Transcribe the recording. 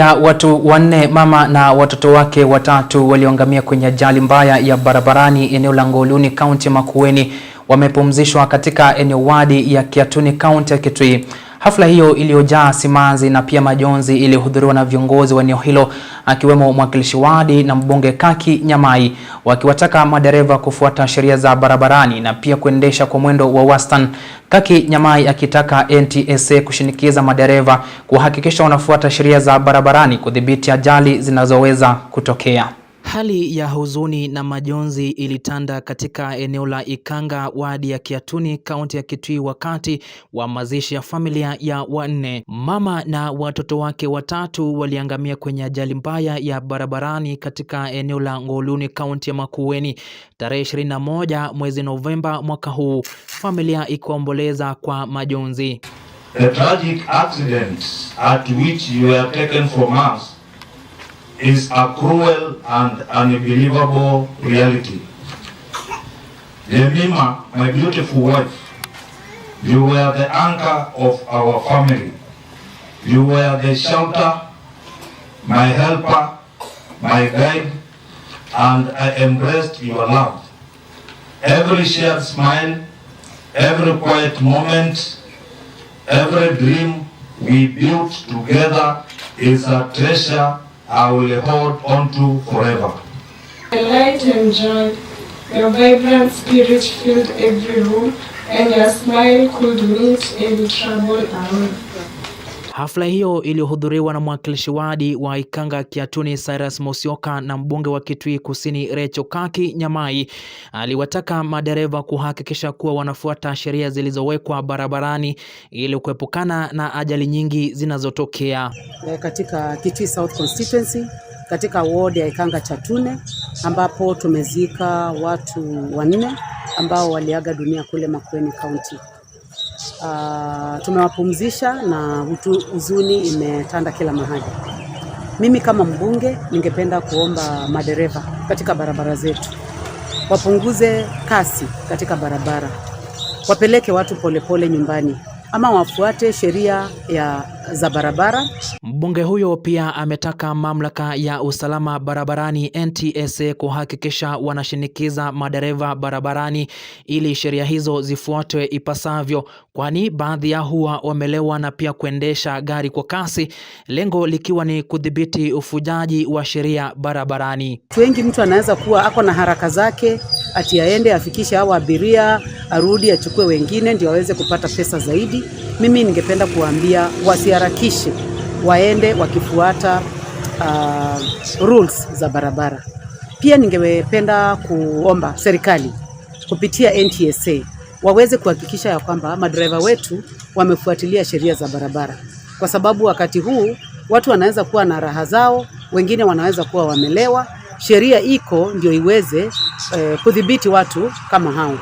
ya watu wanne, mama na watoto wake watatu walioangamia kwenye ajali mbaya ya barabarani eneo la Ngoluni kaunti Makueni wamepumzishwa katika eneo wadi ya Kiatuni kaunti ya Kitui. Hafla hiyo iliyojaa simanzi na pia majonzi ilihudhuriwa na viongozi wa eneo hilo akiwemo mwakilishi wadi na mbunge Kaki Nyamai wakiwataka madereva kufuata sheria za barabarani na pia kuendesha kwa mwendo wa wastani. Kaki Nyamai akitaka NTSA kushinikiza madereva kuhakikisha wanafuata sheria za barabarani kudhibiti ajali zinazoweza kutokea. Hali ya huzuni na majonzi ilitanda katika eneo la Ikanga, wadi ya Kiatuni, kaunti ya Kitui, wakati wa mazishi ya familia ya wanne. Mama na watoto wake watatu waliangamia kwenye ajali mbaya ya barabarani katika eneo la Ngoluni, kaunti ya Makueni, tarehe 21 mwezi Novemba mwaka huu, familia ikiomboleza kwa majonzi. The tragic accident at which you are taken from us is a cruel and unbelievable reality. Jemima, my beautiful wife, you were the anchor of our family. You were the shelter, my helper, my guide, and I embraced your love. Every shared smile, every quiet moment, every dream we built together is a treasure I will hold on to forever. I light and joy, your vibrant spirit filled every room, and your smile could meet any trouble around. Hafla hiyo iliyohudhuriwa na mwakilishi wadi wa Ikanga Kiatuni Cyrus Musyoka na mbunge wa Kitui Kusini Recho Kaki Nyamai aliwataka madereva kuhakikisha kuwa wanafuata sheria zilizowekwa barabarani ili kuepukana na ajali nyingi zinazotokea e, katika Kitui South Constituency katika ward ya Ikanga Chatune ambapo tumezika watu wanne ambao waliaga dunia kule Makueni County. Ah, tumewapumzisha na utu, huzuni imetanda kila mahali. Mimi kama mbunge ningependa kuomba madereva katika barabara zetu wapunguze kasi katika barabara, wapeleke watu polepole pole nyumbani ama wafuate sheria ya za barabara. Mbunge huyo pia ametaka mamlaka ya usalama barabarani NTSA kuhakikisha wanashinikiza madereva barabarani ili sheria hizo zifuatwe ipasavyo, kwani baadhi ya huwa wamelewa na pia kuendesha gari kwa kasi, lengo likiwa ni kudhibiti ufujaji wa sheria barabarani. Wengi mtu anaweza kuwa ako na haraka zake ati aende afikishe hao abiria, arudi achukue wengine ndio aweze kupata pesa zaidi. Mimi ningependa kuambia wasiharakishe, waende wakifuata uh, rules za barabara. Pia ningependa kuomba serikali kupitia NTSA waweze kuhakikisha ya kwamba madereva wetu wamefuatilia sheria za barabara, kwa sababu wakati huu watu wanaweza kuwa na raha zao, wengine wanaweza kuwa wamelewa. Sheria iko ndio iweze eh, kudhibiti watu kama hao.